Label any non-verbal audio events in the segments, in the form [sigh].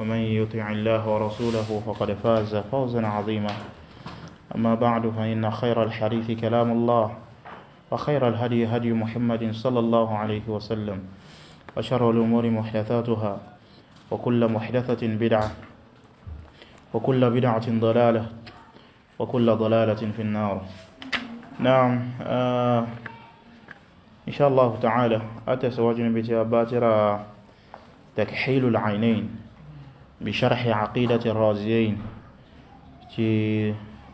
ومن يطع الله ورسوله فقد فاز فوزا عظيما أما بعد فإن خير الحديث كلام الله وخير الهدي هدي محمد صلى الله عليه وسلم وشر الأمور محدثاتها وكل محدثة بدعة وكل بدعة ضلالة وكل ضلالة في النار نعم آه، إن شاء الله تعالى أتسواجن بتياباتر تكحيل العينين بشرح عقيدة الرازيين تي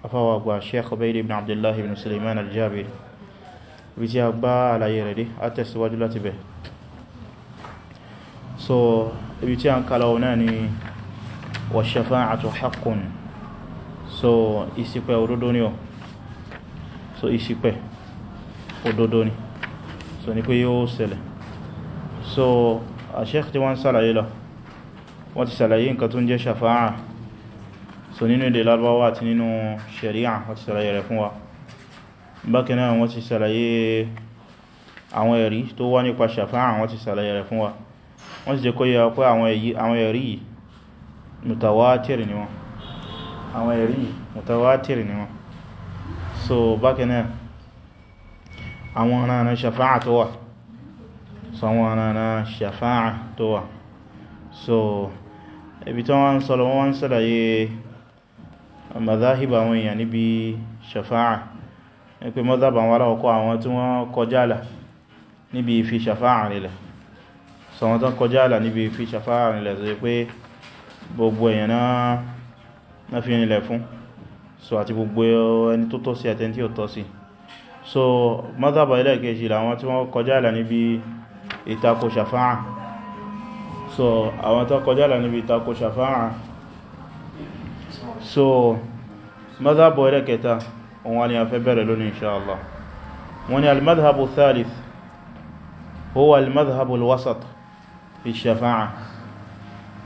أفوى الشيخ بير بن عبد الله بن سليمان الجابر بتي أبا على يردي أتسواج لتبه so بتي أنكالوناني والشفاعة حق so ìṣìpẹ̀ òdodo ni o so ìṣìpẹ̀ òdodo ni so ní pé yóò ṣẹlẹ̀ so a sheikh tí wọ́n wọ́n ti sàlàyé nǹkan tó ń jẹ́ ṣàfáà so nínú èdè Lárúbáwá àti nínú ṣẹ̀ríà wọ́n ti sàlàyé rẹ̀ fún wa bákan náà wọ́n ti sàlàyé àwọn ẹ̀rí tó wá nípa ṣàfáà wọ́n ti sàlàyé rẹ̀ fún wa wọ́n ti jẹ́ kó yẹ pé àwọn ẹ̀rí mutawatir ni wọ́n so so ibi tó wọ́n sọ́lọ wọ́n wọ́n sọ́láyé mazahib àwọn èèyàn níbi shafa'a ní pé mazhab àwọn aláwọ̀kọ́ àwọn tí wọ́n kọjáàlà níbi ìfi shafa'a nílẹ̀ sọ wọ́n tán kọjáàlà níbi ìfi shafa'a nílẹ̀ sọ pé gbogbo èèyàn náà fi nílẹ̀ fún so àti gbogbo ẹni tó tọ́ sí àtẹni tí tọ́ sí so mazhab ilẹ̀ kejì làwọn tí wọ́n kọjáàlà níbi ìtakò shafa'a so àwọn tó kọjá là níbi ìtakò ṣàfáà so mazhabu ẹ̀rẹ́ kẹta wọn ni a fẹ́ bẹ̀rẹ̀ lónìí inṣáàlá wọn ni al-madhabu thalith huwa al-madhabu al-wasat fi ṣàfáà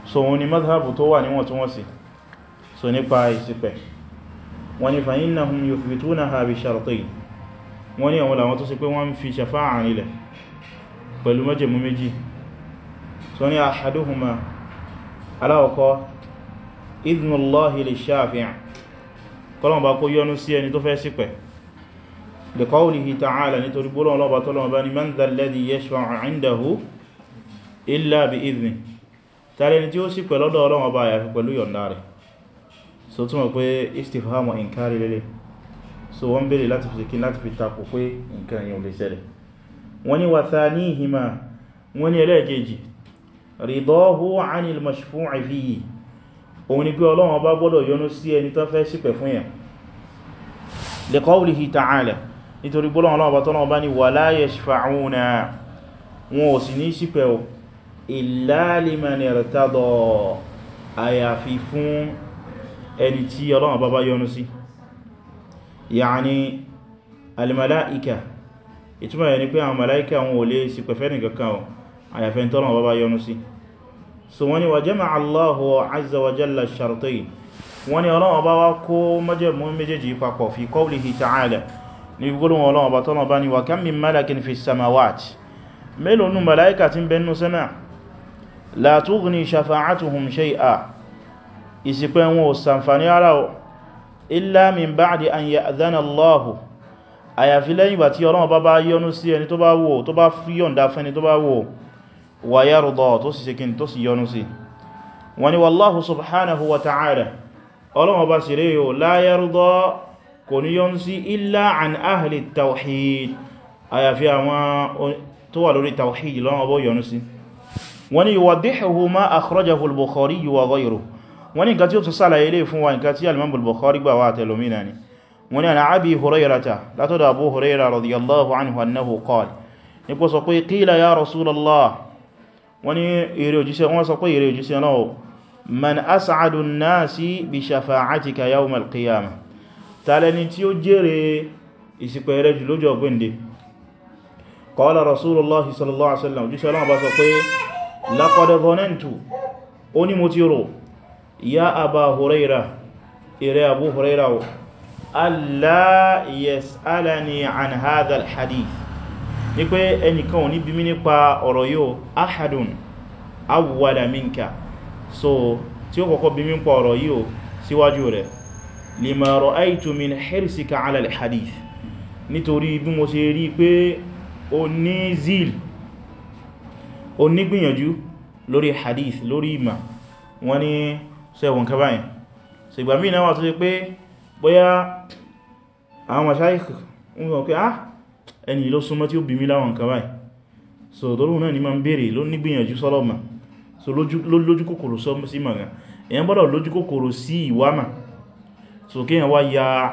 so wọn ni mazhabu tó wà níwọ̀ntúnwọ̀nsì so nípa ìsìpẹ̀ wọn ni fa innahum yuthbitunaha bi shartayn wọn ni àwọn làwọn tó sì pé wọ́n fi ṣàfáà nílẹ̀ pẹ̀lú májẹ̀mú méjì tó ní ahaduhuma aláwọ̀kọ́ idnullahi li shafi'a kọlọ̀mbà kó yọnu sí ẹni tó fẹ́ sípẹ̀ li qawlihi ta'ala nítorí gbọ́lọ̀ ọlọ́bà tọ́lọ̀mbà ni man dhal ladhi yashfa'u 'indahu illa bi idhni tààrẹ ni tí ó sì pẹ̀lú ọ̀dọ̀ Ọlọ́run Ọba àyàfi pẹ̀lú yọ̀ǹda rẹ̀ so túnmọ̀ pé istifhamu inkari lélẹ̀ so wọ́n bèèrè láti fi kí láti fi takò pé nǹkan yìí lè ṣẹlẹ̀ wọ́n ni wàtá ní ìhìmá wọ́n ni ẹlẹ́ẹ̀kejì ridahu anil mashfu'i fihi òun ni pé Ọlọ́run bá gbọ́dọ̀ yọ́nú sí ẹni tó fẹ́ ṣìpẹ̀ fún yẹn li qawlihi ta'ala nítorí gbọ́lọ́wọ́n Ọlọ́run bá tọ́lọ́wọ́n bá ní wala yashfa'una wọn ò sì ní ṣìpẹ̀ o illa liman irtada àyàfi fún ẹni tí Ọlọ́run bá bá yọ́nú sí ya'ni àyàfẹ́ tọ́lọ̀ bá yọnu sí so wọ́n ni wà jẹ́mà Allahu azza wa jalla shartain wọ́n ni ọlọ́wọ́ bá wá kó mọ́jẹ̀mú méjèèjì papọ̀ fi qawlihi ta'ala ní gbogbo ọlọ́wọ́ bá tọ́lọ̀ bá ni wà kam min malakin fi samawat mélòó nù malaika ti bẹnu sẹ́mà la tughni shafa'atuhum shay'a ìsìpẹ́ wọn ò sàǹfàní ara ọ̀ illa min àyàfi lẹ́yìn tí ọlọ́wọ́ bá bá yọnu sí ẹni tó bá wò tó bá fíyọ̀ndá fẹ́ni tó bá wò wa yarda tó sì sekin tó sì yọ́nú sí wani wallahu subhanahu wa ta'ala ọlọ́wọ́ bá sì rí yóò la yarda kò ní yọ́nú sí illa an ahli tawhid àyàfi àwọn tó wà lórí tawhid lọ́wọ́ bó sí ni wani ana abi hurairata ya rasulallah wọ́n ní èrè òjíṣẹ́ wọ́n sọ pé èrè òjíṣẹ́ náà man as'adu an-nasi bi shafa'atika yawm al-qiyamah tàlẹni tí ó jèrè ìsìpẹ̀ rẹ̀ jù lọ́jọ́ gbẹ́ndẹ̀ qala rasulullahi sallallahu alaihi wasallam òjíṣẹ́ ní pé ẹnìkan ò ní bí mi nípa ọ̀rọ̀ yóò ahadun awwala minka so tí ó kọ́kọ́ bí mi nípa ọ̀rọ̀ yóò síwájú rẹ̀ lima ra'aytu min hirsika ala al-hadith nítorí bí mo ṣe rí pé o ní zil o ní gbìyànjú lórí hadith lórí ìmà wọ́n ní sẹ́wọ̀n kẹbáyìn ṣùgbàmí náà wà tó ṣe pé bóyá àwọn mashayikh ń sọ pé ah ẹni ló súnmọ́ tí ó bí mi láwọn nǹkan báyìí so lórí náà ni ma ń bèèrè ló ní gbìyànjú sọ́lọ́mà so lójú kòkòrò sí màgá èyàn gbọ́dọ̀ lójú kòkòrò sí ìwámà so kéèyàn wá ya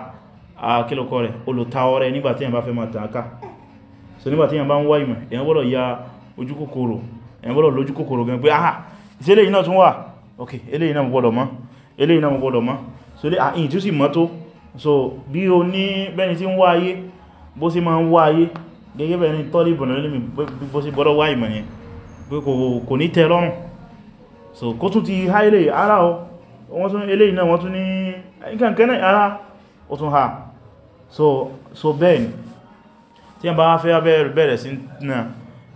àkílùkọ rẹ̀ olùta ọrẹ nígbàtí èyàn bá fẹ́ máa tààkà so nígbàtí èyàn bá ń wá ìmọ̀ èyàn gbọ́dọ̀ ya ojú kòkòrò èyàn gbọ́dọ̀ lójú kòkòrò aha ṣé eléyìí náà tún wà ok eléyìí náà mo gbọ́dọ̀ mọ̀ eléyìí náà mo gbọ́dọ̀ mọ̀ so so bí o ní bẹ́ni bó sí ma ń wá ayé gẹ́gẹ́ bẹ̀rẹ̀ ní tọ́lì ìbọ̀nà lórí bó sí gbọ́dọ̀ wá ìmọ̀ yẹn pé kò ní tẹ́ lọ́rùn so kó tún ti há ilé ara ọ wọ́n tún ilé iná wọ́n tún ní ìkànkẹ́nà ara ó tún ha so bẹ́ẹ̀ ni tí a bá fẹ́ bẹ̀rẹ̀ sí náà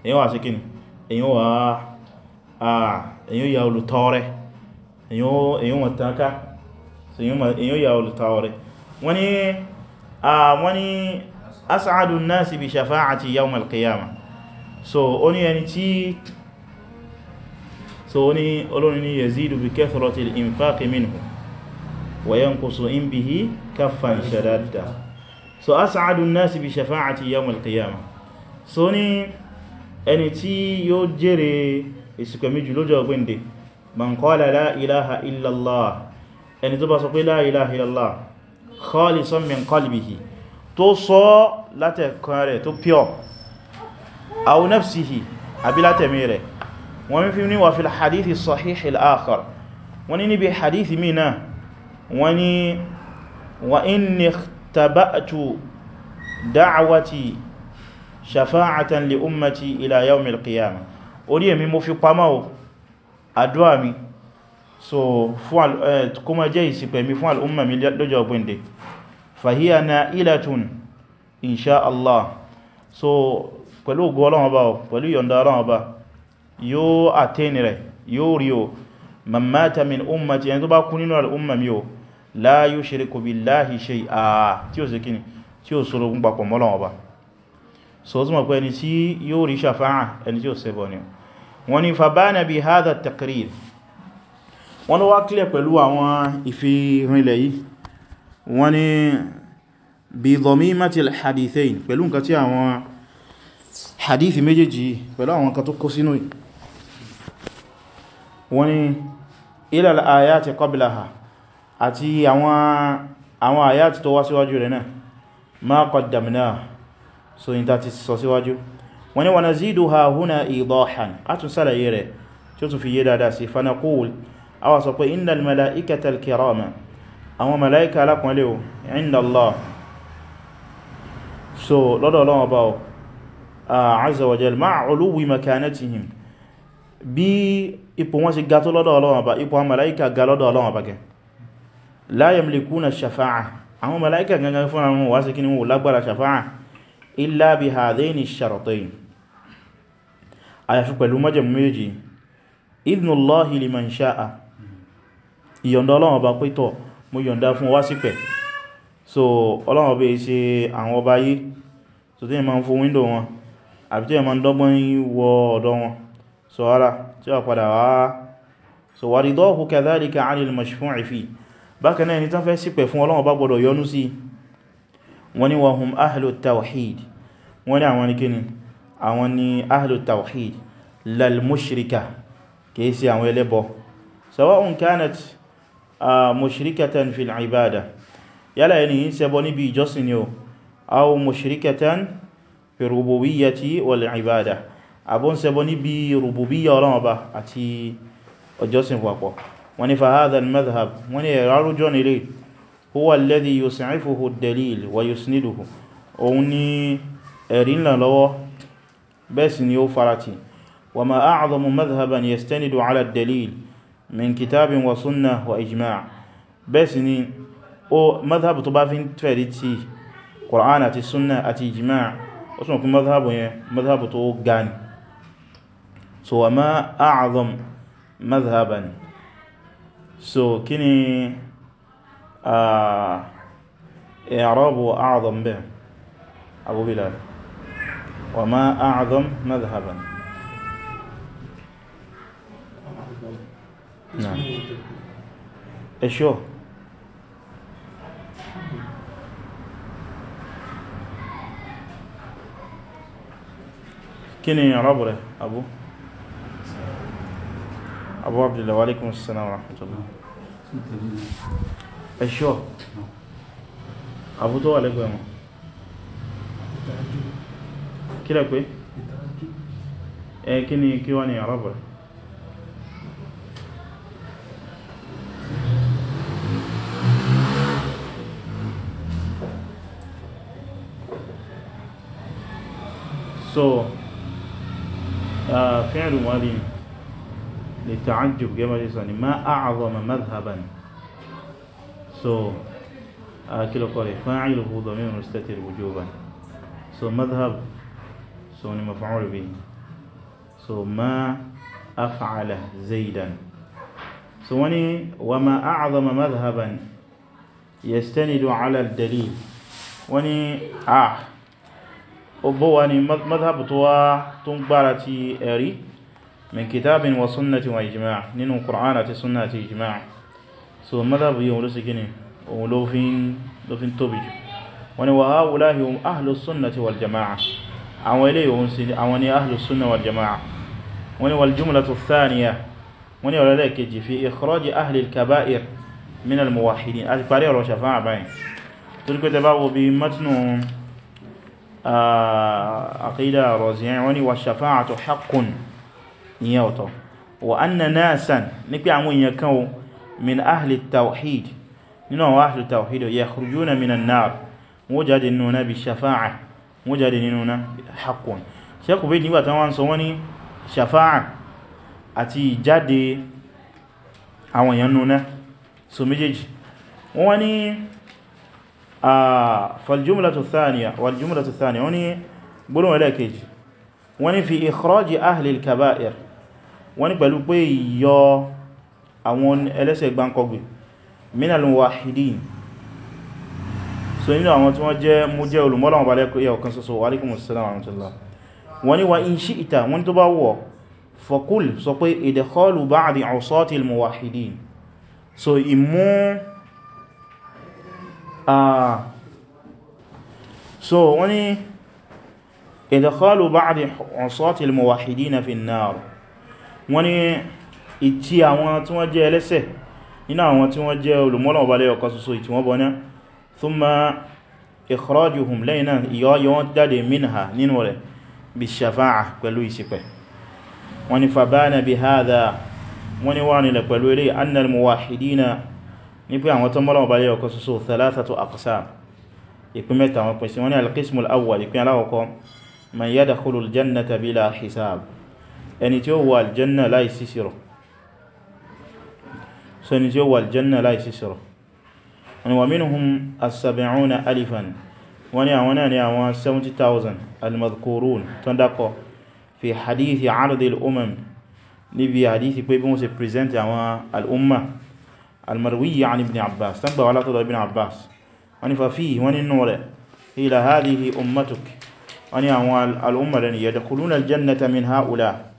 èyàn wà sí kí ni èyàn wà èyàn yà olùtọ́ọrẹ èyàn wà tánká èyàn yà olùtọ́ọrẹ wọ́n ni as'adu an-nasi bi shafa'ati yawm al-qiyamah so oni ẹni tí so oni olórin ni yazidu bi kathrati al-infaq minhu wa yanqusu in bihi kaffan shadadda so as'adu an-nasi bi shafa'ati yawm al-qiyamah so ni ẹni tí yóò jèrè ìsìnkú méjì lójọ́ man qala la illallah ẹni tó bá sọ pé la illallah khalisan min qalbihi tó sọ látẹ̀kan rẹ̀ tó pure aw nafsihi àbí látẹ̀mí rẹ̀ wọ́n fi ní wà fi hadithi sahih al-akhar wọ́n ní níbi hadithi mi náà wọ́n ní wa inni ikhtaba'tu da'wati shafa'atan li ummati ila yawm al-qiyamah orí èmi mo fi pamọ́ o mi so fún al-ummah eh, jẹ́ fàhíyà na ilatun insha Allah so pẹ̀lú ogun ọlọ́wọ́ bá pẹ̀lú yọ̀nda ọlọ́wọ́ bá yóò àtẹ́ni rẹ̀ yóò rí o mamata min ummati ẹni tó bá kú nínú al'umma mi o la yushriku billahi shay'a tí ó sì kíni tí ó sọ́rọ̀ gún papọ̀ mọ́lọ́wọ́ bá so ó túnmọ̀ pé ẹni tí yóò rí ṣàfáà ẹni tí ó sẹ́bọ̀ ni wọ́n ni fàbánà bí hadha takrir wọ́n wá kílẹ̀ pẹ̀lú àwọn ìfi rinlẹ̀ yìí wọ́n ni bí dhamimati al-hadithain pẹ̀lú nǹkan tí àwọn hadithi méjèèjì pẹ̀lú àwọn nǹkan tó kó sínú wọ́n ni ila al-ayati qablaha àti àwọn ayati tó wá síwájú rẹ̀ náà ma qaddamnahu so in ta ti sọ síwájú wọ́n ni wa naziduha huna idahan a tún sàlàyé rẹ̀ tí ó tún fi yé dáadáa sí fanaqul a wà sọ pé innal mala'ikata kirama àwọn mala'ika alákùnlé o inda Allah so lọ́dọ̀ Ọlọ́run bá ọ azza wa jal ma'a uluwi makanatihim bí ipò wọn ṣe ga tó lọ́dọ̀ Ọlọ́run bá ipò àwọn màláíkà ga lọ́dọ̀ Ọlọ́run bá gẹ la yamlikuna shafa'a àwọn màláíkà gangan fún àwọn wá sí kí ni wọ́n lágbára shafa'a illa bi hadhaini sharatayn àyàfi pẹ̀lú májẹ̀mú méjì so Ọlọ́run bá ṣe àwọn ọba yìí so tí ma ń fò window wọn àbí tí ma ń dọ́gbọ́n wọ ọ̀dọ̀ wọn so ara tí wà padà wá so wà ridọ́hu kadhalika 'anil mashfu'i fi bákan náà ni tán fẹ́ sípẹ̀ fún Ọlọ́run bá gbọdọ̀ yọnú sí wọ́n ni wa hum ahlu tawhid wọ́n ni àwọn ni yálà ẹni yìí níbi ìjọsìn ni o aw mushrikatan fi rububiyyati wal ibada abon sebo ni bi rububiyya Ọlọ́run Ọba àti ọjọ́sìn papọ̀ wọ́n ní fa hadha al madhhab wọ́n ní rarujo ni le huwa alladhi yus'ifuhu ad-dalil wa yusniduhu òun ni ẹ̀rí ńlá lọ́wọ́ bẹ́ẹ̀ sì ni ó farati wa ma a'zamu madhhaban yastanidu ala ad-dalil min kitabin wa sunnah wa ijma' bẹ́ẹ̀ ni ó madhhab tó bá fi fẹ̀rí ƙor'án àti sunna àti ijima' ó sọ pé mazhabu yẹn mazhabu tó gani so wa ma a'zam ni so kíni i'rabu a'zam bẹ́ẹ̀ Abu Bilal wa ma a'zam mazhaban نعم ẹ̀ṣọ́ kí ni ìrọ́bù rẹ̀ abu abu abdullahi alaikum assalamu rahmatullah ẹ̀ṣọ́ abu tó wà lẹ́gbẹ̀ẹ́ wọn kí lẹ́ pé ẹ kí kí wá ni ìrọ́bù rẹ̀ so فعل ماضي للتعجب جمع جساني ما أعظم مذهبا سو اكل آه، قري فاعل هو ضمير مستتر وجوبا سو مذهب سو نعم، مفعول به سو ما أفعل زيدا سو وما أعظم مذهبا يستند على الدليل وني آه ọgbọ́ wa ni madhab tó wá tó ń gbára ti ẹ̀rí min kitabin wa sunnati wa ijima' nínú Qur'an àti sunna àti ijima' so madhab yíò ló sì gini ohun tóbi jù wani wa haulahi hum ahlus sunnati wal jama'a àwọn ilé yóò sí àwọn ni ahlus sunna wal jama'a wani wal jumlatu thaniya wani wal lẹ́kẹjì fi ikhraji ahli al-kaba'ir min al-muwahhidin àti parí ọ̀rọ̀ shafa'a bayan turkota babu bi matnu aqida Raziya'i wọ́n ní wa shafa'atu haqqun ìyẹn ọ̀tọ̀ wa anna nasan ní pé àwọn èèyàn kan o min ahli tawhid nínú àwọn ahli tawhid yakhrujuna minan nar wọ́n jáde nínú na bi shafa'a wọ́n jáde nínú na haqqun ṣekú bí nígbàtí wọ́n sọ shafa'a àti jáde àwọn èèyàn nuna so méjèèjì wọ́n فالجملة الثانية والجملة الثانية وني بلو إليكيج وني في إخراج أهل الكبائر وني بلو بي يو أون إليسي بانكوغي من الواحدين so nínú àwọn tí wọ́n jẹ́ mú jẹ́ olùmọ́láwọn balẹ́kọ̀ iya ọ̀kan sọ́sọ́ wa alaikumus salam àmìtìlá wọ́n ni Ah. so wọ́n ni ìdàkọlù ba'di ọ̀sọ́tí muwahidina fi an-nar wọ́n ni ìtí àwọn tí wọ́n jẹ́ ẹlẹ́sẹ̀ nínú àwọn tí wọ́n jẹ́ olùmọ́lọ̀ ọbalẹ̀ ọkọ̀ soso ìtí wọ́n bọ́ná thumma ikhrajuhum lẹ́yìn náà ìyọ́yọ́ wọ́n jáde minha ní pé àwọn tó mọ́lọ́wọ́ bá yẹ ọkọ̀ soso thalathatu aqsam ìpín mẹ́ta wọn pèsè wọn ni al-qismu al-awwal ìpín aláwọ̀kọ́ man yadkhulu al-jannata bila hisab ẹni tí ó wọ aljanna láì sísìrò so ẹni tí ó wọ aljanna láì sísìrò wani wa minhum as-sab'una alifan wani àwọn náà ni àwọn 70,000 al tó ń fi hadithi ardi al níbi hadithi pé bí wọ́n ṣe present àwọn al المروية عن ابن عباس تنبع على طلب ابن عباس ونفى فيه وننور إلى هذه أمتك ونعوى الأمة لن يدخلون الجنة من هؤلاء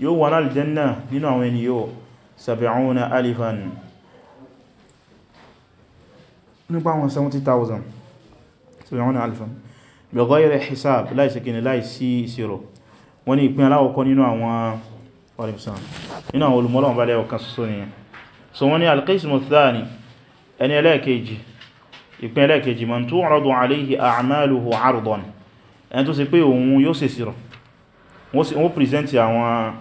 يوانا الجنة لنعوين يو سبعون ألفا نبعوان سمتي تاوزن سبعون ألفا بغير حساب لا يسكن لا يسيرو wọ́n ni ìpín aláwọ̀kọ́ nínú àwọn ọ̀rẹ́bùsàn nínú àwọn olùmọ́lọ́wọ̀n bá lẹ́ọ̀kan sọ́sọ́ so wọ́n ni alqismu thani ẹni ẹlẹ́ẹ̀kejì ìpín ẹlẹ́ẹ̀kejì man tu'radu alayhi a'maluhu 'ardan ẹni tó sì pé òun yóò sì sírọ̀ wọ́n present àwọn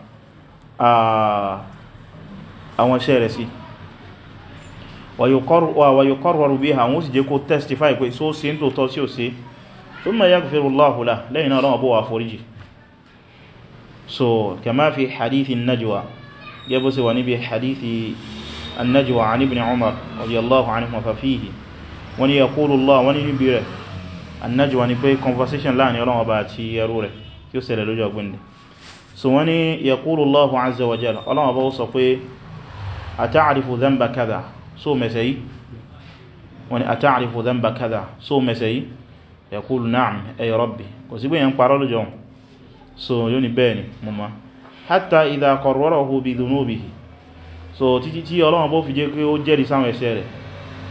àwọn iṣẹ́ rẹ̀ sí wa yuqarraru biha wọ́n sì jẹ́ kó testify pé só sí ń tòótọ́ sí ò sí thumma yaghfirullahu lahu lẹ́yìn náà lọ́wọ́ bó wà foríjì so kama fi hadithi najwa gẹ́bọ́ sí wà níbi hadithi النجوى عن ابن عمر رضي الله عنهما ففيه وني يقول الله وني يبيره النجوى نبي conversation لا نيرون باتي يروري كيو سيلة لجوى قندي so وني يقول الله عز وجل الله أبو صفي أتعرف ذنب كذا سو مسي وني أتعرف ذنب كذا سو مسي يقول نعم أي ربي وسيبين ينقر لجوى سو يوني بيني مما حتى إذا قرره بذنوبه so títí tí Ọlọ́run bó fi jẹ́ pé ó jẹ́rìí sáwọn ẹ̀ṣẹ̀ rẹ̀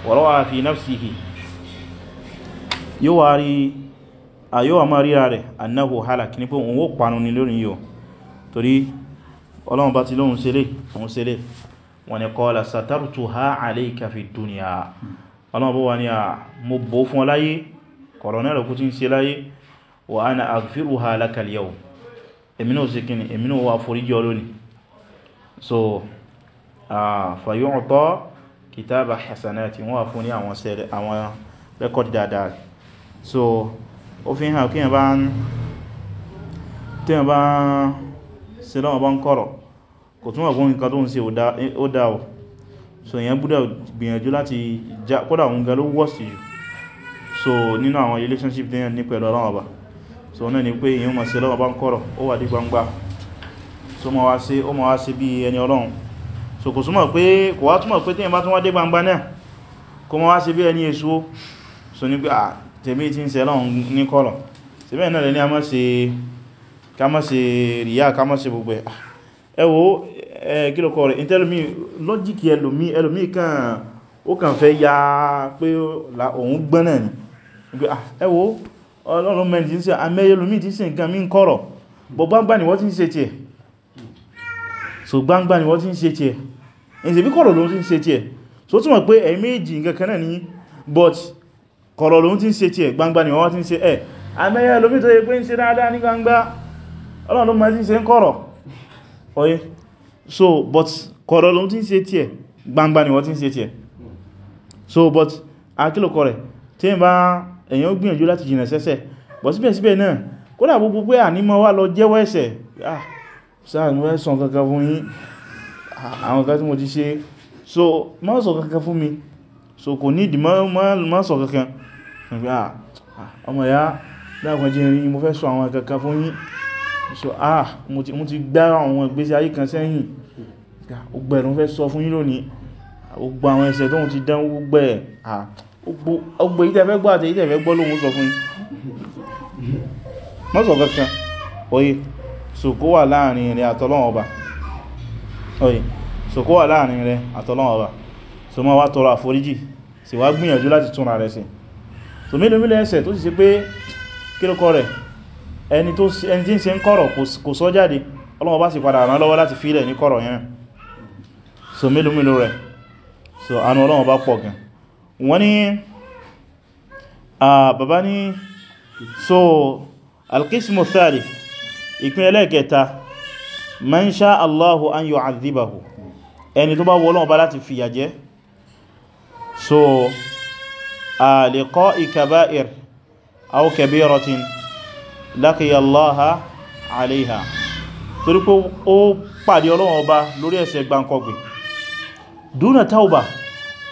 warawa fi nafsihi yóò wá rí àyíwà máa ríra rẹ̀ annahu halak ní pé òun ó panu ní lórí yóò torí Ọlọ́run bá ti lóhun sílé òun sílé wọn ni qala satartuha alayka fi dunya Ọlọ́run so fàyọ́ntọ́ kìtàbà hasanati wọ́n fún ní àwọn rẹ́kọ̀dì dáadáa so ó fi hàn kí ẹ̀bá ń ṣe lọ́wọ́ bá ń kọ̀rọ̀ kò túnmọ̀ fún nǹkan tó ń ṣe ó dá o so èyàn búdá gbìyànjú láti já kódà òun gan ló worst jù so nínú àwọn relationship tẹ́yàn ní pẹ̀lú ọlọ́wọ́ bá so náà ni pé èyàn mọ̀ sí lọ́wọ́ bá ń kọ̀rọ̀ ó wà dí gbangba so ma wá sí bí ẹni ọlọ́run so kò súnmọ̀ pé kò wá túnmọ̀ pé tí ìyàmbá tún wá dé gbangba náà kò mọ́ wá sí bí ẹni èso so ní pé à tèmi tí ń ṣe lọ́n ní kọlọ̀ sí bẹ́ẹ̀ náà lè ní a mọ́ ṣe ká mọ́ ṣe ríyà ká mọ́ ṣe gbogbo ẹ̀ ẹ wò kílòkọ rẹ̀ ìtẹ́lómí lọ́jíkì ẹlòmí kan ó kàn fẹ́ ya pé òun gbọ́n náà ni ẹ wò ọlọ́run mẹ́rin tí ń ṣe amẹ́yẹ lómí tí gbangba ni wọ́n ti ń ṣe tiẹ̀ so gbangba ni wọ́n ti ẹ̀sẹ̀ bí kọ̀rọ̀ lóun ti ń ṣe tí ẹ̀ so túnmọ̀ pé ẹ̀ méjì nǹkan kan ní but kọ̀rọ̀ lóun ti ń ṣe tí ẹ̀ gbangba ni wọ́n ti ń ṣe ẹ̀ amẹ́yẹ lómi tó yẹ pé ń ṣe dáadáa ní gbangba ọlọ́run ló máa ti ń ń kọ̀rọ̀ oye so but kọ̀rọ̀ lóun ti ń ṣe tí ẹ̀ gbangba ni wọ́n but akílòkọ rẹ̀ tí ń bá èyàn but síbẹ̀síbẹ̀ náà kódà gbogbo pé ànímọ́ wà lọ jẹ́wọ́ ẹ̀ṣẹ̀ ah sáà ní wọ́n sàn kankan àwọn kan tí mo ti ṣe so má sọ kankan fún mi so kò ní ìdí má sọ kankan nígbà ah, ah, ọmọ ya dákun jẹ́ rí mo fẹ́ sọ àwọn kankan fún yín so ah mo ti gbá àwọn ìgbésí ayé kan sẹ́yìn ọgbẹ̀rún ah, fẹ́ sọ fún yín lónìí gbogbo àwọn ẹsẹ̀ tóhun ti dán gbogbo ẹ̀ gbogbo ìtẹ́fẹ́ gbọ́ àti ìtẹ́fẹ́ gbọ́ lóhun sọ fún mọ́sọ̀ kankan oye so kó wà láàrin ìrìn àtọ́lọ́wọ́ ọba oye so kó wà láàrin rẹ àtọ́lọ́wọ́ ọba so ma wá tọrọ àforíjì sì wá gbìyànjú láti túnra rẹ̀ sí so mílò mílò ẹsẹ̀ tó sì sí pé kírókọ rẹ̀ ẹni tó ẹni tí ń ṣe ń kọ̀rọ̀ kò sọ jáde ọlọ́wọ́ bá sì padà rán lọ́wọ́ láti fílẹ̀ ní kọ̀rọ̀ yẹn so mílò mílò rẹ̀ so àánú ọlọ́wọ́ bá pọ̀ gan wọ́n ní bàbá ní so alkismu thali ìpín ẹlẹ́ẹ̀kẹta man sha Allahu an yu'adhibahu ẹni tó bá wọ́lọ́ ọba láti fìyà jẹ so a liqa'i kaba'ir aw kabiratin laqiya Allaha alayha torí pé ó pàdé Ọlọ́run ọba lórí ẹ̀ṣẹ̀ gbáǹkọ̀gbì dúnà tauba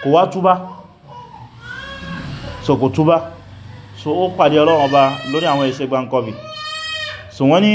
kò wá túbá so kò túbá so ó pàdé Ọlọ́run ọba lórí àwọn ẹ̀ṣẹ̀ gbáǹkọ̀gbì so wọ́n ni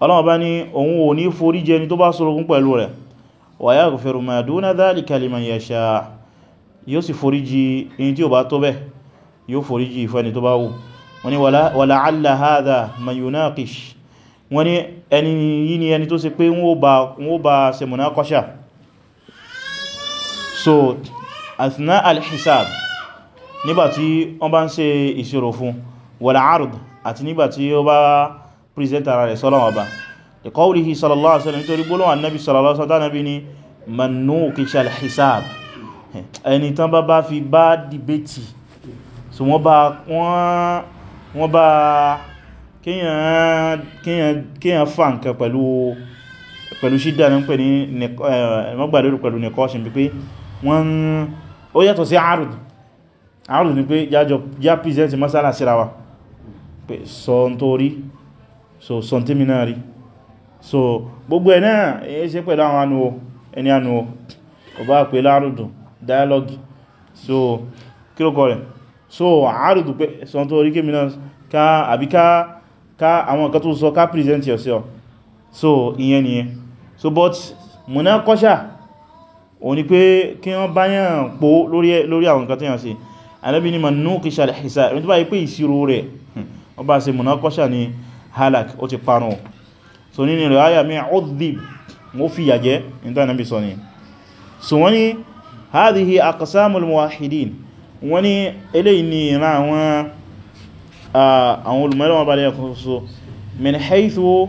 Ọlọ́run bá ní òun ò ní forí jẹ ni tó bá ṣorogún pẹ̀lú rẹ̀ wa yaghfiru ma duna dhalika liman yasha yóò sì forí jì in tí ó bá tó bẹ́ yóò forí jì ìfẹ́ni tó bá wù wọ́n ni wa la'alla hadha man yunaqish wọ́n ni ẹni yìí ni ẹni tó ṣe pé wọ́n bá ṣe munaqasha so athna al-hisab nígbàtí wọ́n bá ń ṣe ìṣirò fún wal-'ard àti nígbàtí ó bá present ara rẹ̀ sọ́lọ́wọ́ ọba liqawlihi sallallahu alaihi wasallam nítorí gbólóhùn annabi sallallahu alaihi wasallam tánàbí ni manukisha al-hisab ẹni tán bá bá fi bá dìbẹ̀tì so wọ́n bá wọ́n bá kíyàn fà nǹkan pẹ̀lú pẹ̀lú ṣídà ní pẹ̀ ní mọ́gbàdérò pẹ̀lú nìkọ́ṣin bí pé wọ́n ó yàtọ̀ so sọntímínárì so gbogbo ẹ̀ náà èyí ṣe pẹ̀lú àwọn anuwo ẹni anuwo ọba pè lárùdù dialogue so kírókọ rẹ̀ so àárùdù pé sọ́n tó orí kí mìíràn ká àbí ká àwọn ǹkan tó sọ ká present yourself so ìyẹn nìyẹn so but múná kọ́ṣà o ní pé kí wọ́n bá yàn pó lórí àwọn ǹkan tó yàn sí alábi ni ma nú kí sàlẹ̀ ìsà ẹni tó bá yí pé ìṣirò rẹ̀ ọba ṣe múná kọ́ṣà ni halak ó ti parun so nínú rẹ̀ ayà mi udhib wọ́n fi yà jẹ́ nítorí náà bí sọ ni so wọ́n ni hadhihi aqsamul muwahhidin wọ́n ni eléyìí ni ìran àwọn àwọn olùmọ́lọ́wọ́ balẹ̀ kan so min haythu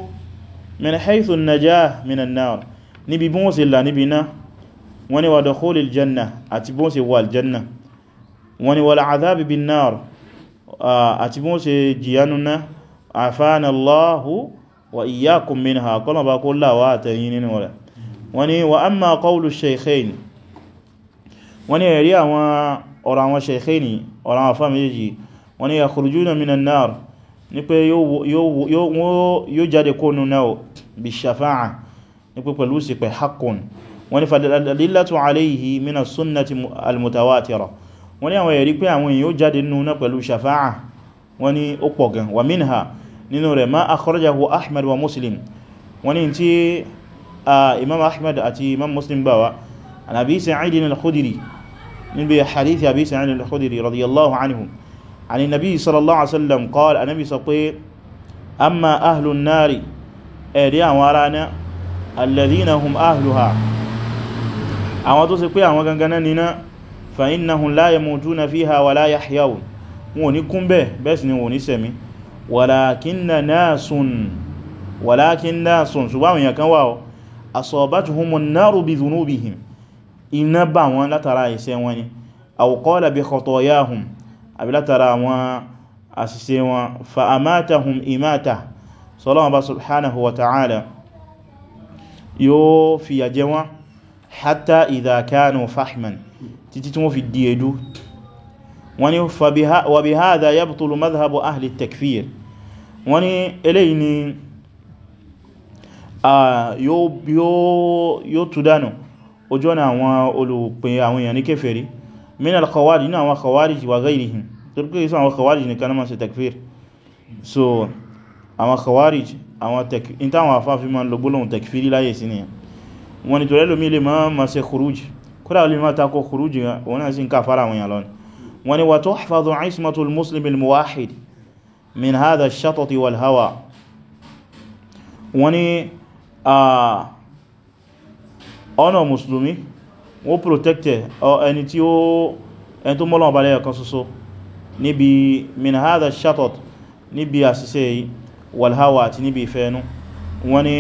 min haythu an-najah min an-nar níbi bí wọ́n ṣe là ni wà dukhul al-janna àti àti bí ṣe jìyànú àfáànà Allahu wa iyyakum minha kọlọ̀bá kó láwá àtẹ̀yìn nínú rẹ̀ wọ́n ni wa amma qawlu shaykhayn wọ́n ni ẹ̀rí àwọn ọ̀rọ̀ àwọn shaykhayn ọ̀rọ̀ àwọn afá méjì wọ́n ni yakhrujuna minan nar ní pé yóò jáde kónú náà bí shafa'a ní pé pẹ̀lú sí pẹ̀ haqqun wọ́n ni àwọn ẹ̀rí pé àwọn èèyàn yóò jáde nínú náà pẹ̀lú shafa'a wọ́n ni ó pọ̀ gan wa minha nínú rẹ̀ ma akhrajahu ahmad wa muslim wani tí imam ahmad àti imam muslim gbà wá an abi sa'idin al-khudri níbi hadithi abi sa'idin al-khudri radiyallahu anhu an nabi sallallahu alaihi wasallam qala anabi sọ pé amma ahlun nari ẹ̀rí àwọn ará náà alladhina hum ahluha àwọn tó sì pé àwọn ganganá níná fa innahum la yamutuna fiha wa la yahyawun wọn ò kúnbẹ̀ bẹ́ẹ̀ sì ni wọn ò ní wàlákínà náàsùn wàlákín náàsùn ṣùgbọ́n àwọn èèyàn kan wà ọ́ asabatuhumun naru bi dhunubihim iná bá wọn látara iṣẹ́ wọn ni aw qala bi khotoyahum àbí látara wọn àṣìṣe wọn fa amatahum imata sọlọ́wọ́n bá subhanahu wa ta'ala yóò fìyà wọ́n ni wa bi hadha yabtulu madhhabu ahli takfir wọ́n ni eléyìí ni yóò tú dánù ojú ọ̀nà àwọn olùpin àwọn èèyàn ní kèfèrí min al-khawarij ní àwọn khawarij wa ghayrihim turkey isu àwọn khawarij ní kanáma sí takfir so àwọn khawarij wọ́n ni wà tuhfazu ismatul muslim al-muwahid min hadha ash-shatati wal hawa wọ́n ni ọ̀nà musulmi wọ́n protecte ẹni tí ó ẹni tó mọ́lọ̀ balẹ̀ ọ̀kan ṣoṣo níbi min hadha ash-shatati níbi àṣìṣe wal hawa àti níbi ìfẹ́ẹnú wọ́n ni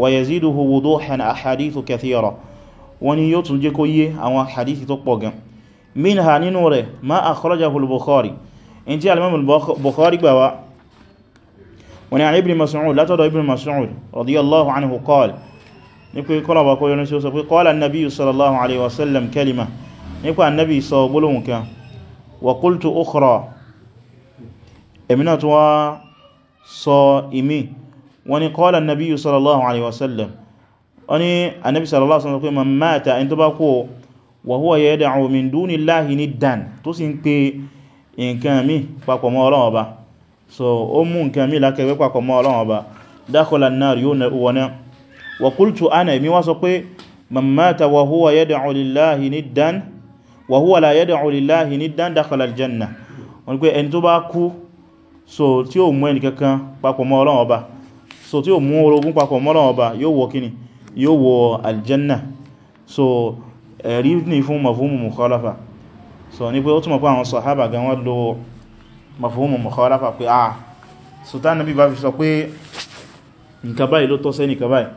wa yaziduhu wuduhan ahadithu kathira wọ́n ni yóò tún jẹ́ kó yé àwọn ahadithi tó pọ̀ gan minha nínú rẹ̀ ma akhrajahu al-Bukhari in ti al-Imam al-Bukhari gbà wá wani a ibn Mas'ud látọ̀dọ̀ ibn Mas'ud radiyallahu anhu qala ní pé kọ́lá bá kọ́yọ́ ní sí ó sọ pé qala annabi sallallahu alaihi wasallam kalima nípa annabi sọ gbólóhùn kan wa qultu ukhra emina tó wá sọ imi wani qala annabi sallallahu alaihi wasallam wani annabi sallallahu alaihi wasallam pé man in tó bá kú wa huwa yad'u min dunillahi niddan tó sì ń pè nǹkan mí papọ̀ mọ́ Ọlọ́run Ọba so ó mú nǹkan mí lákẹ̀wé papọ̀ mọ́ Ọlọ́run Ọba dakhala an-nar yóò na wọná wa qultu ana èmi wá sọ pé man mata wa huwa yad'u lillahi niddan wa huwa la yad'u so tí ó mú ẹni kankan papọ̀ mọ́ so tí ó mú orogún papọ̀ mọ́ Ọlọ́run Ọba yóò wọ so ẹ̀rí ní fún mafhumu mukhalafa so ní pé ó túnmọ̀ pé àwọn sahaba gan wọ́n lo mafhumu mukhalafa pé ah sultan nabi bá fi sọ pé nǹkan báyìí ló tọ́ sí nǹkan báyìí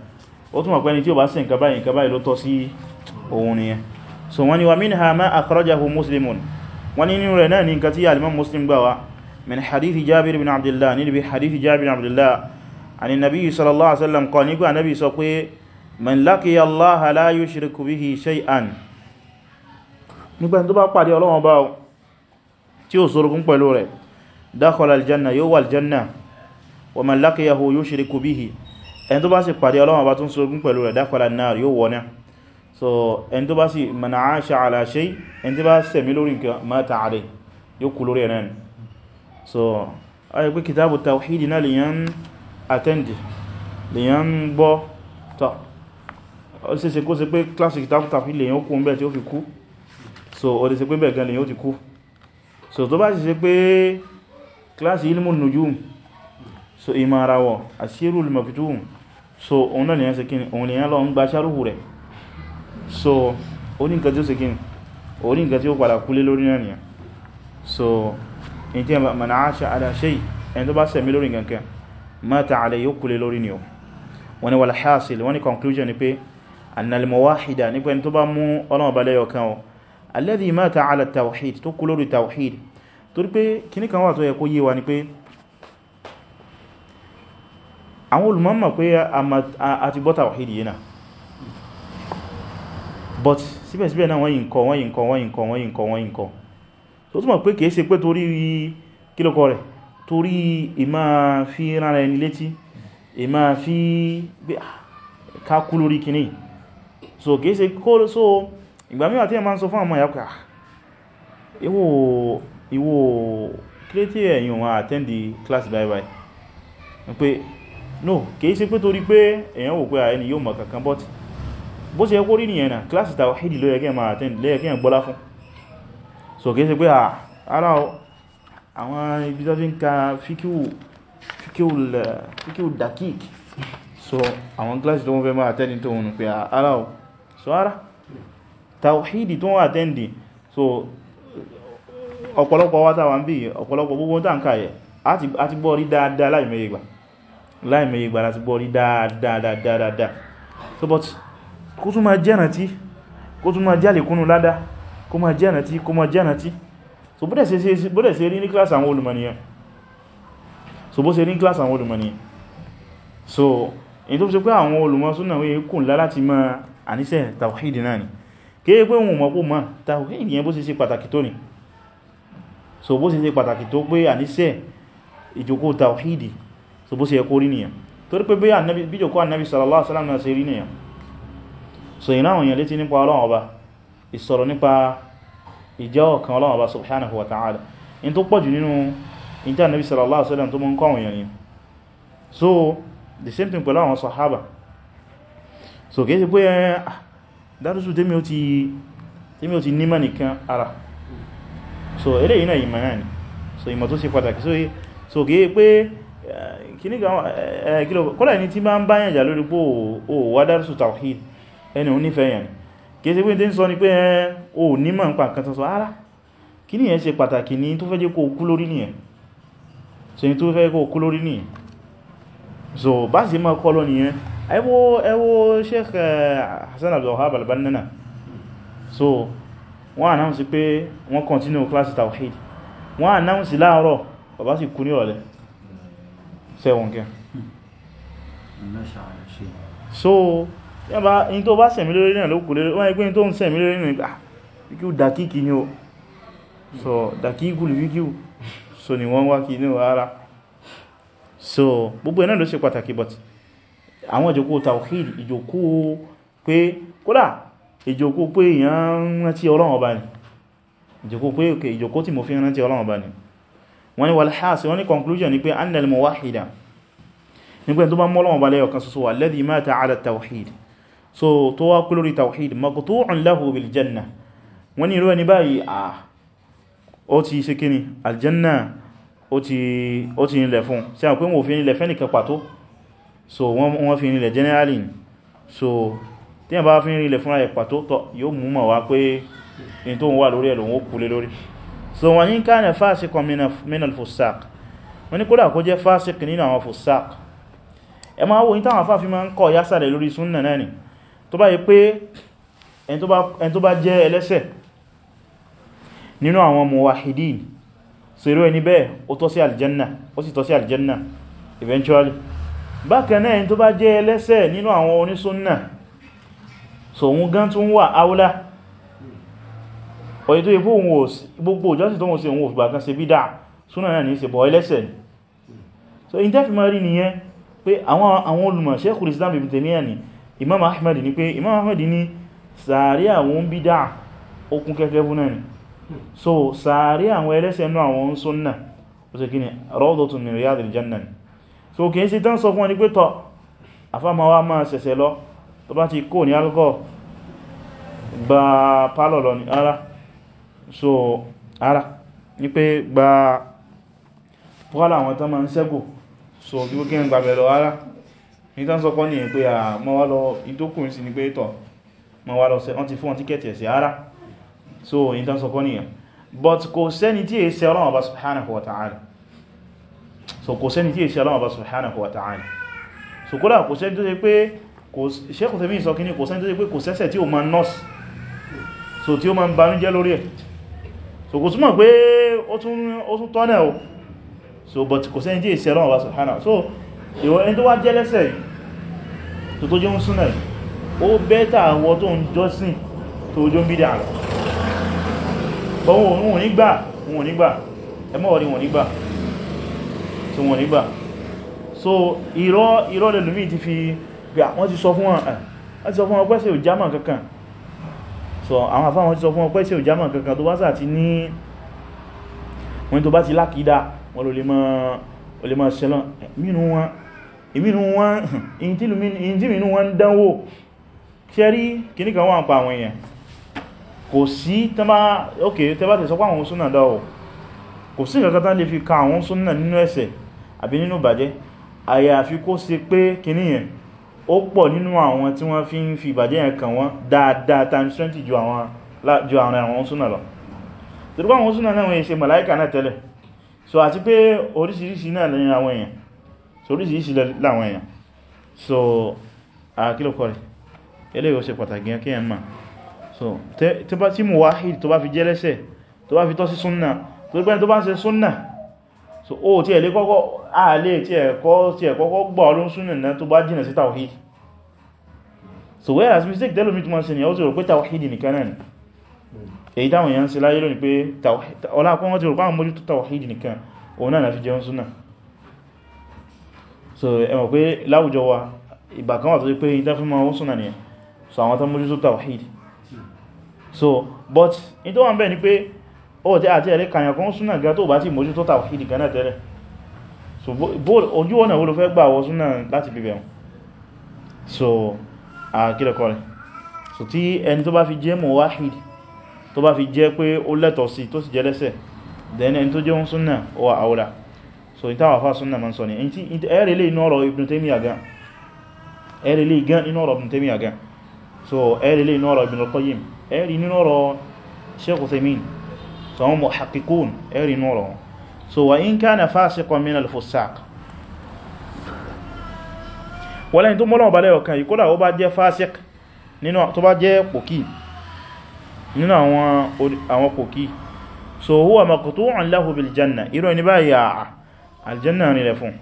ó túnmọ̀ pé ẹni tí ó bá sí nǹkan báyìí nǹkan báyìí ló tọ́ sí òun nìyẹn so wọ́n ni wa minha ma akhrajahu muslimun wọ́n ni nínú rẹ̀ náà ni nǹkan tí alimam muslim gbà wa min hadithi jabir bin abdullah níbi hadithi jabir bin abdullah àni nabi sallallahu alaihi man laqiya Allaha la yushriku bihi shay'an nígbà tó bá pàdé Ọlọ́run bá tí ó sorogún pẹ̀lú rẹ̀ dakhala aljanna yóò wà aljanna wa man laqiyahu yushriku bihi ẹni tó bá sì pàdé Ọlọ́run bá tún sorogún pẹ̀lú rẹ̀ dakhala an-nar yóò wọ́nà so ẹni tó bá sì man 'asha 'ala shay' ẹni tó bá sẹ̀mí lórí nǹkan mata 'alayh yóò kú lórí ẹ̀nà so a yi pé kitabu tawhidi na liyan attend liyan gbọ́ tọ́ ó ṣeéṣe kó ṣe pé classic tap-tap ilẹ̀ yẹn ó kú mẹ́ tí ó fi kú so ó lè ṣe pé bẹ̀gan lè yẹn ti kú so tó bá sì ṣe pé classic ilmu nujum so ìmọ̀ràwọ̀ asirul mafitum so òun náà lèyàn ṣe òun lèyàn lọ ń gba ṣárùhù rẹ̀ so ó ní nǹkan tí ó ṣe kí ó ní nǹkan tí so in tí ma na shay ẹni tó bá sẹ̀mí lórí mata ala yóò kúlé lórí ni ó wani conclusion ni pé annalmawahida nípa ẹni tó bá mú ọlọ́ọ̀bá lẹ́yọ kan ọ alladhi mata ala tawhid tó kú lórí tawhid torí pé kíní kan wà tó yẹ kó yé ni pé àwọn olùmọ́mọ̀ pé a ti bọ́ tawhid yìí náà but síbẹ̀síbẹ̀ náà wọ́n yìí nǹkan wọ́n yìí nǹkan wọ́n yìí nǹkan wọ́n yìí nǹkan wọ́n yìí nǹkan tó túnmọ̀ pé kìí ṣe pé torí kílòkọ rẹ̀ torí ìmá fi ah, lórí kìíní so gẹ́ẹ́sẹ̀ kó so ìgbà mìíràn tí ẹ máa ń sọ fún àmọ́ ìyàpá ìwò ìwò kírétí ẹ̀yìn wọn attend the class bye bye pé no kìíṣe pé torí pé èyàn wò pé ẹni yóò mọ̀ kankan but bó ṣe kó rí nìyẹn náà kíláàsì tàwàhídì ló yẹ kí ẹ máa attend lẹ́yẹ kí ẹ gbọ́lá fún so kìíṣe pé ara àwọn ibi tó fi ń ka fíkíù dakik so àwọn kíláàsì tó wọ́n fẹ́ máa attend tó wọn pé ara ọ̀ so ara tawhidi tó wà tẹ́ndì so ọ̀pọ̀lọpọ̀ wátà wà ń bí ọ̀pọ̀lọpọ̀ gbogbo tàn káyẹ̀ àti gbọ́ rí dáadáa láìmẹ́yẹ gbà láìmẹ́yẹ gbà láti gbọ́ rí dáadáa dáadáa so but kó tún máa jẹ́ rántí kó tún máa jálè kúnnù ládá kó máa jẹ́ rántí kó máa jẹ́ rántí so bódẹ̀ so bó ṣe rí ní kílásì àwọn olùmọ̀nìyàn so èyí tó fi ṣe pé àwọn olùmọ̀ súnà wé kùn láti máa àníṣẹ́ tawhid náà ni kéé pé wọn mọ̀pọ̀ mọ́ tawhid yẹn bó sì sí pàtàkì tó ní so bó sì sí pàtàkì tó pé àníṣẹ́ ìjòkó tawhid so bó sì ẹkó rí nìyàn torí pé bí jòkó annabi sallallahu alaihi wasallam náà ṣe rí nìyàn so ìná àwọn èèyàn létí nípa Ọlọ́run Ọba ìsọ̀rọ̀ nípa ìjẹ́ ọ̀kan Ọlọ́run Ọba subhanahu wa ta'ala in tó pọ̀jù nínú ìjẹ́ annabi so the same thing pẹ̀lú àwọn so kìí ṣe pé ẹ̀yẹn ah, dárúsù tèmi ò ti nímọ̀ nìkan ara so eré iná ìmọ̀ náà ni so ìmọ̀ tó ṣe pàtàkì so kìí pé kọ́lá ní tí bá ń báyàn jà lórí pé o wá dárúsù tawhid ẹni ò nífẹ́ yẹn kìí o nímọ̀ nípa nǹkan ara kí ni yẹn ṣe pàtàkì ní tó fẹ́ jẹ́ kó kú so ní tó fẹ́ kó bá sì máa kọ́ nìyẹn ẹwọ ẹwọ sheikh eh, Hassan Abdulwahab Al-Banna náà so wọ́n announce pé wọ́n continue class tawhid wọ́n announce láàárọ̀ bàbá sì kú ní ọ̀lẹ́ sẹ́wọ̀n kẹ́ so yẹba in tó bá sẹ̀mí lórí náà ló kù lórí wọ́n ẹgbẹ́ tó ń sẹ̀mí lórí náà ìgbà ah, wíkíù dàkíkì ni ó so dàkíkù lè wíkíù so ni wọ́n wá kí ní ara so gbogbo ẹ̀ náà ló ṣe pàtàkì but àwọn ìjòkó tawhid ìjòkó pé kódà ìjòkó pé èyàn rántí Ọlọ́run Ọba ni ìjòkó pé òkè ìjòkó tí mo fi rántí Ọlọ́run Ọba ni wọ́n ni walhasi wọ́n ni conclusion ni pé annal muwahida ni pé tó bá mọ́lọ́wọ́ bá lẹ́yọ̀kan soso alladhi mata ala tawhid so tó wá kú lórí tawhid maqtu'un lahu bil janna wọ́n ni irú ẹni báyìí ah ó ti ṣe kíni aljanna ó ti ilẹ̀ fún sí àwọn wọ́n fi ilẹ̀ fẹ́ nìkan pàtó so wọ́n fi rinlẹ̀ generally so tí wọ́n bá fi rinlẹ̀ fúnra ẹ̀ pàtó tọ́ yóò mú mọ̀ wá pé in tó ń wà lórí ẹ̀lò wọn kúlé lórí so wọ́n ní káàna fásikọ̀ minal fusaq wọ́n ní kódà kó jẹ́ fásik nínú àwọn fusaq ẹ máa wo ní táwọn afáfí máa ń kọ̀ yásàrẹ̀ lórí súnnà ni tó bá yí pé ẹn tó bá jẹ́ ẹlẹ́sẹ̀ nínú àwọn muwahidin so irú ẹni bẹ́ẹ̀ ó tọ́ sí eventually bákan náà tó bá jẹ́ ẹlẹ́sẹ̀ nínú àwọn onísúnnà so òun gan tún wà áúlá ọ̀yẹ́ tó yẹ fún òun gbogbo ìjọsìn tó wọ́n sí òun òfìgbà kan ṣe bídá súnà náà ní ìsẹ̀bọ̀ ẹlẹ́sẹ̀ ni so in defi mari nìyẹn pé àwọn olùmọ̀ so kìí sí tán sọ fún ẹni pé tọ́ afámawa máa sẹ̀sẹ̀ lọ tó bá ti kó ní alcohol gba pálọ̀ lọ ní ara so ara ní pé gba pọ́lá àwọn tán ma ń sẹ́kù so bí ó kíyàn gbàbẹ̀ lọ ara ní tán sọpọ́ ní pé à mọ́ wá lọ ìdókùn sí ni pé tọ̀ mọ́ lọ sẹ́ wọ́n ti fún but kò sẹ́ni tí è sẹ́ ọlọ́wọ́ bá subhanahu wa ta'ala so kò sẹ́ni tí è sí aláwọ̀bá subhanahu wa ta'ala so kódà kò sẹ́ni tó ṣe pé sẹ́kù tẹ́bí ìsọkíní kò sẹ́ni tó ṣe pé kò sẹ́sẹ̀ tí ó ma nọ́sì so tí ó ma ń banújẹ́ lórí ẹ̀ so kò túnmọ̀ pé ó tún tọ́nà o so but kò sẹ́ni tí è sí aláwọ̀bá subhanahu so ìwọ ẹni tó wá jẹ́ lẹ́sẹ̀ tó tó jẹ́ ń súnà ó bẹ́tà àwọ tó ń jọ́sìn tó jó tí wọ́n nígbà so irọ́ irọ́ lẹ́lùmí ti fi gbà wọ́n ti sọ fún wọn eh, wọ́n ti sọ fún wọn pẹ́sẹ̀ ò jámà kankan so àwọn afá wọn ti sọ fún wọn pẹ́sẹ̀ ò jámà kankan tó bá sà ti ní wọ́n tó bá ti lákìídá wọ́n ló lè máa sẹ́lọ́n ìmínú wọn ìmínú wọn [laughs] ìyìn tí ìmínú wọn ń dánwò ṣẹ́rí kìníkan wọ́n pa àwọn èèyàn kò sí tẹ́bá ok tẹ́bá lè fi ka àwọn súnnà nínú ẹsẹ̀ àbí nínú ìbàjẹ́ àyàfi kó ṣe pé kìíní yẹn ó pọ̀ nínú àwọn tí wọ́n fi ń fi ìbàjẹ́ yẹn kàn wọ́n dáadáa times 20 ju àwọn ju àwọn àwọn súnà lọ tìrúkọ́ àwọn súnà náà wọ́n ṣe màláìkà náà tẹ́lẹ̀ so àti pé oríṣiríṣi náà lẹ́yìn àwọn èèyàn so oríṣiríṣi láwọn èèyàn so àkílòkọ́ rẹ̀ eléyìí ó ṣe pàtàkì yẹn kí so tí mo wáhìd tó bá fi jẹ́lẹ́sẹ̀ tó bá fi tọ́ sí súnà tó gbẹ́ni tó bá ń ṣe súnà so o tí ẹ̀lẹ́ kọ́kọ́ ààlẹ́ tí ẹ̀kọ́kọ́ gbọ́ ọlọ́run súnà náà tó bá jìnà sí tawhid so whereas mistake tẹ́lómi tó máa ṣe ni ó ti rò pé tawhid nìkan náà ni èyí táwọn èèyàn sí láyé lónìí pé ọlápọ̀ wọ́n ti rò pàwọn mójútó tawhid nìkan òun náà fi jẹun súnà so ẹ mọ̀ pé láwùjọ wa ìgbà kan wà tó pé ìdá fún ma súnà nìyẹn so àwọn tó mójútó tawhid so but in tó wà ń bẹ̀ ni pé ó tẹ́ àti ẹ̀rẹ́ kàyànkún súnà gan tó bá ti mójú tó tàwhídì gan náà tẹ́lẹ̀ so ojú ọ̀nà wo ló fẹ́ gbà wọ súnà láti bíbẹ̀ wọn so àkílẹ̀kọ́ rẹ̀ so tí ẹni tó bá fi jẹ́ muwahid tó bá fi jẹ́ pé ó lẹ́tọ̀ sí tó sì jẹ́ lẹ́sẹ̀ then so ìtawà fà súnà ma ń sọ ni ẹ̀rẹ́ lè inú ọ̀rọ̀ Ibn Taymiyyah gan ẹ̀rẹ́ lè so ẹ̀rẹ́ lè inú ọ̀rọ̀ Ibn al Uthaymin so àwọn muhakkikun ẹ̀rì inú ọ̀rọ̀ wọn so wa in kana fasiqan min al-fusaq wọ́n lẹ́yìn tó mọ́lọ̀ balẹ̀ ọ̀kan ìkódà ó bá jẹ́ fásik tó bá jẹ́ pòkí nínú àwọn pòkí so huwa maqtu'un lahu bil janna irú ẹni bá yà aljanna rí rẹ̀ fún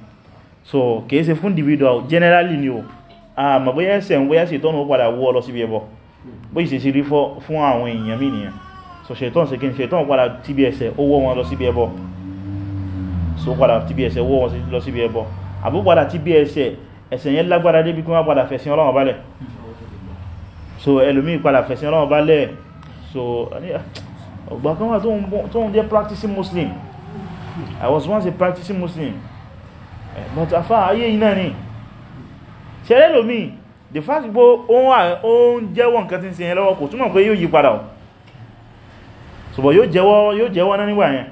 so kìí ṣe fún individual generally ni o a mọ̀ bóyá ẹsẹ̀ ń bóyá ṣe tọ́nà ó padà wọ́ lọ sí ẹbọ bó ìṣe sí rí fún àwọn èèyàn mìíràn so ṣetán sí kí n ṣetán padà tíbi ẹsẹ̀ owó wọn lọ síbi ẹbọ so padà tíbi ẹsẹ̀ owó wọn lọ síbi ẹbọ àbú padà tíbi ẹsẹ̀ ẹsẹ̀ yẹn lágbára débi kí wọ́n padà fẹ̀sìn Ọlọ́run balẹ̀ so ẹlòmí padà fẹ̀sìn Ọlọ́run balẹ̀ so ọgbà kan wà tó ń jẹ́ practicing Muslim I was once a practicing Muslim eh, but afá ayé iná ni ṣẹlẹ́lòmí the fact gbó ohun jẹ́wọ̀n nǹkan tí ń ṣe yẹn lọ́wọ́ kò túnmọ̀ pé yóò yí padà ọ̀ ṣùgbọ́n yóò jẹ́wọ́ yóò jẹ́wọ́ náà nígbà yẹn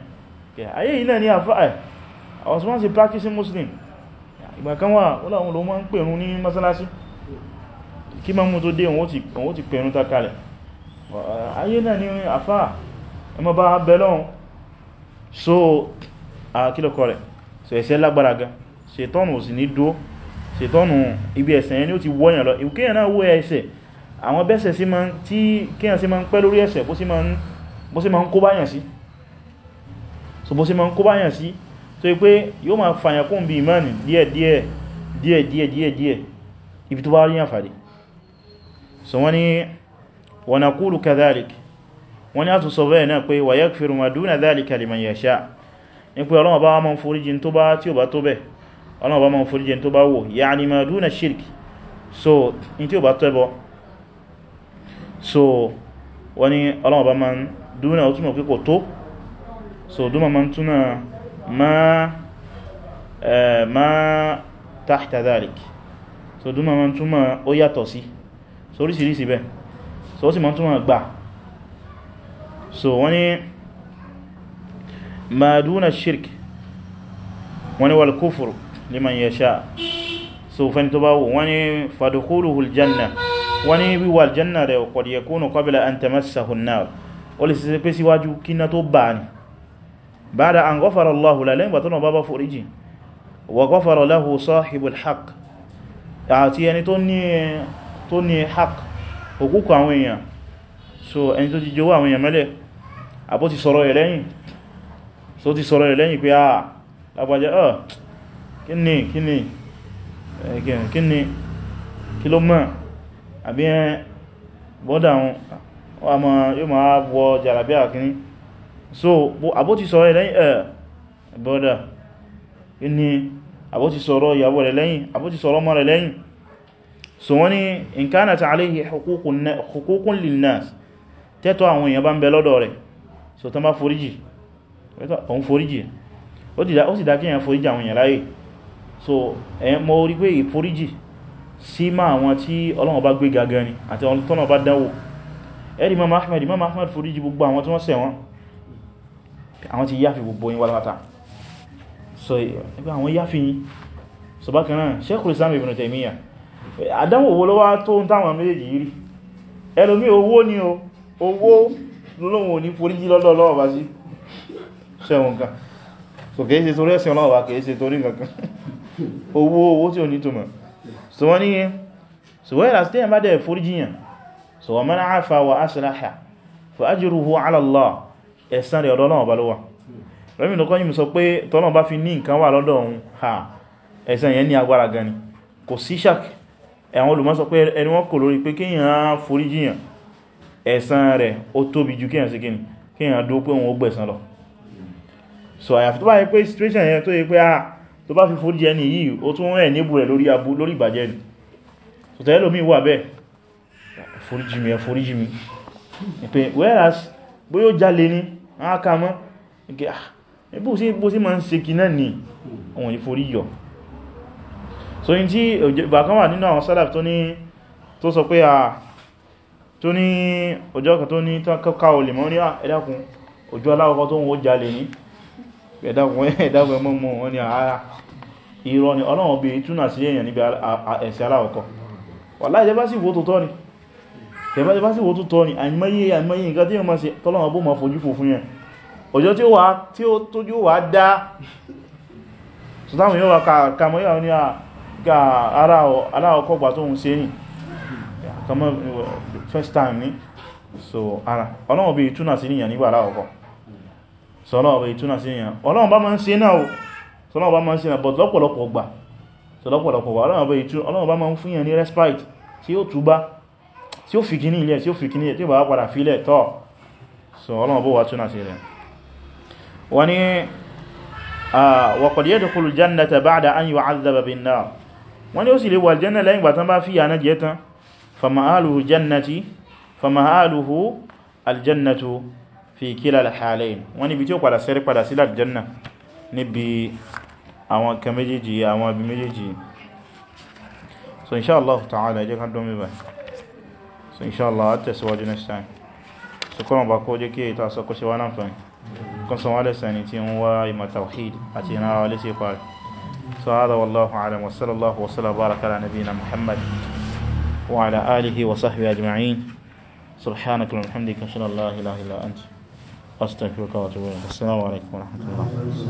ayé yìí náà ní àfáà àwọn sọ́wọ́n sí practicing muslim ìgbà kan wà ó láwọn olóòwò máa ń pèrún ní masalasi kí máa mú tó dé òun ó ti pèrún ta kalẹ̀ ayé náà ní àfáà ẹmọ bá bẹ̀lọ́un so àkílọ̀kọ rẹ̀ so ẹ̀ṣẹ̀ lágbára gan ṣètọ́nù ibi ẹ̀ṣẹ̀ ni ó ti wọ́yàn lọ ìwòkíyàn náà wó ẹ̀ṣẹ̀ àwọn bẹ́sẹ̀ sí máa ń pẹ́ lórí ẹ̀ṣẹ̀ bó sí máa ń bó ṣe ma ń kó báyàn sí so bó ṣe ma ń kó báyàn sí tó yí pé yóò ma fàyàn kún bí ìmánì díẹ̀díẹ̀ díẹ̀díẹ̀ díẹ̀díẹ̀ ibi tó bá rí àfàdé so wọ́n ni wa naqulu kadhalik wọ́n ni a tún sọ bẹ́ẹ̀ náà pé wa yaghfiru ma duna dhalika liman yasha ní pé Ọlọ́run bá ma ń foríjìn tó bá tí ò bá tó bẹ̀ Ọlọ́run bá ma ń tó bá wò ya'ni ma duna shirk so in tí ò bá tẹ́bọ̀ so wọ́n ni Ọlọ́run bá ma dúnà ó túnmọ̀ pípọ̀ tó so dúnà ma ń túnà ma ma tahta dhalik so dúnà ma ń túnmọ̀ ó yàtọ̀ sí so orísìírísìí bẹ́ so ó sì ma ń túnmọ̀ gbà so wọ́n ni ma dúnà shirk wọ́n ni wal kufru liman yasha so fẹni tó bá wọ́n ni fadukuluhul janna wọ́n ni aljanna rẹ̀ qad yakunu qabla an tamassahu nar ó lè ṣe pé síwájú kíná tó bà ní ba'da an ghafara Allahu lahu lẹ́yìn gbàtọ́nà bá bá foríjì wa ghafara lahu sahibul haqq àti ẹni tó ní haqq òkúkọ àwọn èèyàn so ẹni tó ti jẹ́ owó àwọn èèyàn mẹ́lẹ̀ àbó ti sọ̀rọ̀ ẹ̀ lẹ́yìn pé àà ah, lágbàjẹ́ ọ̀ ah, kíni kíni eh, kíni kí ló mọ̀ àbí ẹ eh, bọ́dà wọn wọ́n ma yóò ma wọ jàràbí àkíní so àbótí sọ̀rọ̀ lẹ́yìn ẹ̀ brother ní àbótí sọ̀rọ̀ ìyàwó rẹ̀ lẹ́yìn àbótí sọ̀rọ̀ ọmọ rẹ̀ lẹ́yìn so wọ́n ni in kanat alayhi huququn lin-nas tẹ́tọ́ àwọn èèyàn bá ń bẹ lọ́dọ̀ rẹ̀ so tán bá foríjì òun foríjì ó sì dákí èèyàn foríjì àwọn èèyàn láyé so ẹ̀yẹn mọ́ orí pé ìforíjì sí máa àwọn tí Ọlọ́run bá gbé gagan ni àti ọlọ́run tọ́nà bá dánwò ẹ̀rí Imam Ahmad Imam Ahmad foríjì gbogbo àwọn tí wọ́n ṣẹ̀ wọ́n àwọn ti yáfi gbogbo yín wálátà so ẹgbẹ́ àwọn yáfi yín so bákan náà Sheikhul Islam Ibn Taymiyyah àdánwò owó lọ́wọ́ tó ń táwọn méjèèjì yìí rí ẹlòmí owó ní o owó lóhun ní foríjì lọ́dọ̀ Ọlọ́run bá sí sẹ́wọ̀n kan so kìí ṣe torí ẹ̀sìn Ọlọ́run bá kìí ṣe torí kankan owó owó tí ò ní túmọ̀ so wọ́n ní so wẹ́rà stẹ́yìn bá dẹ̀ foríjì yàn so wa man afa wa aslaha fa ajruhu ala Allah ẹ̀san rẹ̀ ọ̀dọ̀ Ọlọ́run ba ló wà remi lo koyin sọ pé t'Ọlọ́run bá fi ní nǹkan wà lọ́dọ̀ ọ̀hún ha ẹ̀san yẹn ní agbára gan ni kò sí shak àwọn olùmọ̀ sọ pé ẹni wọ́n kò lórí pé kéèyàn foríjìyàn ẹ̀san rẹ̀ ó tóbi ju kéèyàn sí kíni kéèyàn dó pé òun ó gbẹ̀san lọ so àyàfi tó bá yẹ pé situation yẹn tó yẹ pé ah tó bá fi foríjì ẹni yìí ó tún rẹ̀ níbù rẹ̀ lórí ìbàjẹ́ ni so tẹ́lómi wà bẹ́ẹ̀ foríjì mi foríjì mi pé whereas bó yóò jalè ní aka mọ́ ike ah, bó sí bó sí ma ń seki náà ní ọmọ ìforí yọ so in tí bàkan wà nínú àwọn sálàf tó ní tó sọ pé à ah, tó ní ọjọ́ kan tó ní ká olè mọ́ ní ah, ẹ̀dàkùn ọjọ́ aláwọ̀kọ́ tó ń wó jalè ní ẹ̀dàkùn ẹ̀dàkùn ẹmọ́ mọ́ wọn ni àárá ìrọ̀ ni ọlọ́wọ̀n bí túnà sí èèyàn níbi ẹ̀sẹ̀ aláwọ̀kọ́ wà láìjẹ́ bá sì wó tẹ̀mẹ́tẹ̀ bá sì wó tó tọ́ ní àìmọ́yé àìmọ́yé nǹkan tí yíò máa ṣe tọ́lọ́wọ́ bó ma fojú fò fún yẹn ọjọ́ tí ó wà tí ó tójú wà dá sọ́tàmù yóò kàmọ́ yà ní aláwọ̀kọ́gbà tó ń ṣe ní kàmọ́ first bá máa ń fún yàn ní respite tí ó túbá tí ó fi kíní ilẹ̀ tí ó fi kíní ilẹ̀ tí ó bá padà fílẹ̀ tọ́ so ọlọ́run bó wà túnà sí rẹ̀ wọ́n ni wa qad yadkhulu al-jannata ba'da an yu'adhdhaba bin-nar wọ́n ni ó sì lè wà jẹ́nà lẹ́yìn gbàtán bá fi yànà jẹ́ tán famahaluhu jannati famahaluhu aljannatu fi kila al-halayn wọ́n ni bí tí so inshallah ta'ala jẹ́ kan dọ́mí báyìí so inṣáàlá tẹ̀síwájú next time so kọ́nà bá kó jẹ́ kí èyí tàà sọ́kọ́ sí wá náà fẹ́ kan sọ wá lẹ́sẹ̀ ni tí ń wá ìmọ̀ tawhid àti ìran wa lẹ́sẹ̀ parí so hada wallahu alam wa sallallahu wa sallam baraka ala nabiyina muhammad wa ala alihi wa sahbihi ajma'in subhanaka wa bihamdika ashhadu an la ilaha illa anta astaghfiruka wa atubu ilayk assalamu alaykum wa rahmatullah